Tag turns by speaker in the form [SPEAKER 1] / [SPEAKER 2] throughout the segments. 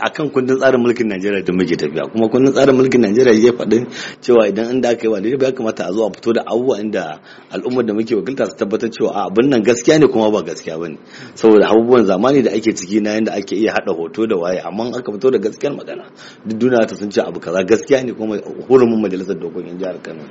[SPEAKER 1] akan kundin tsarin mulkin Najeriya da muke tafiya kuma kundin tsarin mulkin Najeriya ya faɗi cewa idan da aka yi wa daidai ya kamata a zo a fito da abubuwa inda al'ummar da muke wakilta su tabbatar cewa a abin nan gaskiya ne kuma ba gaskiya bane saboda abubuwan zamani da ake ciki na yanda ake iya hada hoto da waye amma aka fito da gaskiyar magana duk duniya ta sun ce abu kaza gaskiya ne kuma hurumin majalisar dokokin jihar Kano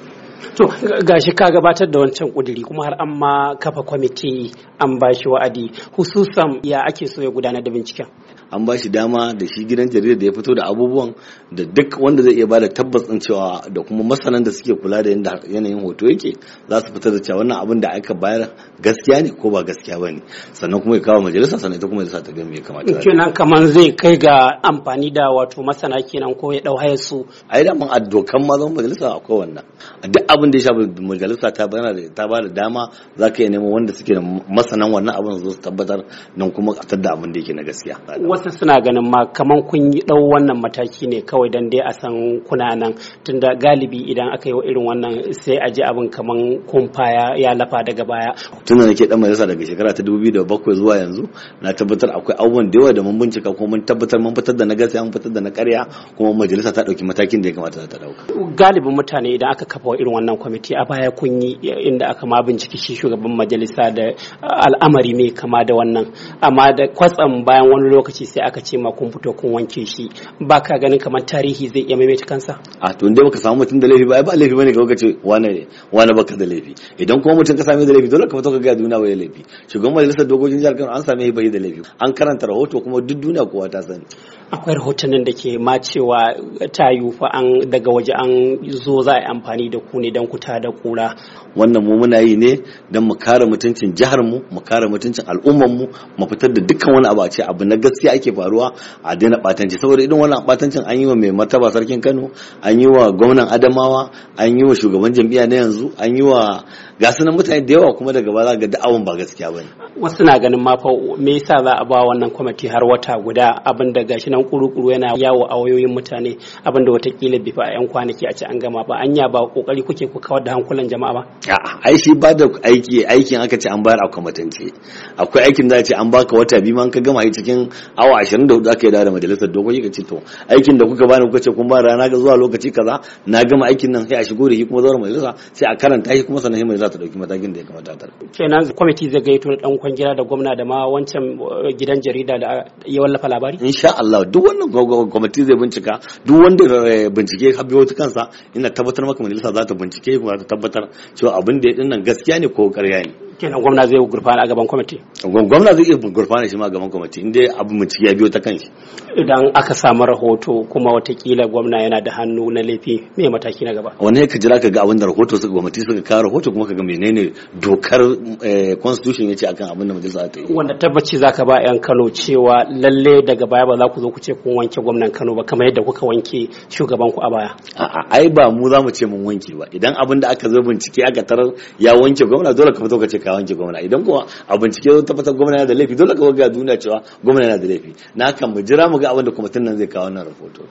[SPEAKER 2] to ga shi ka gabatar da wancan kuduri kuma har an ma kafa kwamiti an ba shi wa'adi hususan ya ake so ya gudanar da binciken an ba shi dama da
[SPEAKER 1] shi gidan jarida da ya fito da abubuwan da duk wanda zai iya ba da tabbas din cewa da kuma masanan da suke kula da yadda yanayin hoto yake za su fitar da cewa wannan abin da aka bayar gaskiya ne ko ba gaskiya ba ne sannan kuma ya kawo majalisa sannan ita kuma ya sa ta gami ya kamata kenan
[SPEAKER 2] kamar zai kai ga amfani da wato masana kenan ko ya dau hayar su ai da mun addokan ma zan majalisa akwai wannan
[SPEAKER 1] duk abin da ya shafi majalisa ta ba da dama za ka iya neman wanda suke masanan wannan abin su su tabbatar nan kuma a da abin da yake na gaskiya
[SPEAKER 2] wasu suna ganin ma kaman kun yi dau wannan mataki ne kawai dan dai a san kuna nan tunda galibi idan aka yi wa irin wannan sai a ji abin kaman kumfa ya lafa daga baya
[SPEAKER 1] tunda nake dan majalisa daga shekara ta 2007 zuwa yanzu na tabbatar akwai abubuwan da yawa da mun bincika kuma mun tabbatar mun fitar da na gaskiya mun fitar da na ƙarya kuma majalisa ta ɗauki matakin da ya kamata ta ɗauka
[SPEAKER 2] galibin mutane idan aka kafa irin wannan kwamiti a baya kun yi inda aka ma binciki shi shugaban majalisa da al'amari mai kama da wannan amma da kwatsam bayan wani lokaci sai aka ce ma kun fito kun wanke shi ba ka ganin kamar tarihi zai iya maimaita kansa
[SPEAKER 1] a to inda muka samu mutum da laifi ba ba laifi bane ka kace wani wani baka da laifi idan kuma mutum ka same da laifi dole ka fito ka ga duniya bai laifi shugaban majalisa dokokin jihar Kano an same shi bai da laifi an karanta rahoto kuma duk duniya kowa ta sani
[SPEAKER 2] akwai rahotannin da ke ma cewa ta fa an daga waje an zo za a yi amfani da ku ne don ku ta da kura
[SPEAKER 1] wannan mu muna yi ne don mu kare mutuncin jihar mu mu kare mutuncin al'ummar mu mu fitar da dukkan wani abu a ce abu na gaskiya ake faruwa a daina batanci saboda idan wannan batancin an yi wa mai martaba sarkin Kano an yi wa gwamnan Adamawa an yi
[SPEAKER 2] wa shugaban jam'iyya na yanzu an yi wa gasunan mutane da yawa kuma daga za ga da'awun ba gaskiya bane wasu na ganin ma fa me yasa za a ba wannan kwamiti har wata guda abin da gashi na nan kuru-kuru yana yawo a wayoyin mutane abin da watakila bai fa a 'yan kwanaki a ce an gama ba anya ba kokari kuke ku kawar da hankulan jama'a ba
[SPEAKER 1] a'a ai shi ba da aiki aikin aka ce an bayar a kwamatance akwai aikin da ce an baka wata biyu ma ka gama cikin awa 24 aka yi da majalisar dokoki ka ce to aikin da kuka bani kuka ce kun ba rana ga zuwa lokaci kaza na gama aikin nan sai a shigo da shi kuma zuwa majalisa sai a karanta shi kuma sanan majalisa ta dauki matakin da ya kamata ta
[SPEAKER 2] kenan kwamiti zai gaito da dan kwangila da gwamna da ma wancan eh, gidan jarida da ya wallafa labari
[SPEAKER 1] insha Allah duk wannan kwamiti zai bincika duk wanda eh, bincike ya biyo ta kansa ina tabbatar maka majalisa za ta bincike kuma ta tabbatar cewa abin da ya dinnan gaskiya ne ko ƙarya ne kenan gwamna zai gurfana a gaban kwamiti gwamna zai iya gurfana shi ma a gaban kwamiti inda abu bincike ya biyo ta kanshi
[SPEAKER 2] idan aka samu rahoto kuma watakila gwamna yana da hannu na laifi mai mataki na gaba
[SPEAKER 1] wani ka jira ka ga abin da rahoto suka gwamnati suka kawo rahoto kuma ka ga menene dokar eh, constitution ya ce akan abin da majalisa ta yi
[SPEAKER 2] wanda tabbaci za ka ba yan Kano cewa lalle daga baya ba za ku zo ku ce kun wanke gwamnan Kano ba kamar yadda kuka wanke shugaban ku a baya
[SPEAKER 1] a'a ai ba mu za mu ce mun wanke ba idan abin da aka zo bincike aka tarar ya wanke gwamna dole ka fito ka ce ka wanke gwamna idan kuma a bincike zo tabbatar gwamna yana da laifi dole ka ga duniya cewa gwamna yana da laifi na kan mu jira mu ga abin da kwamitin nan zai kawo wannan rahoto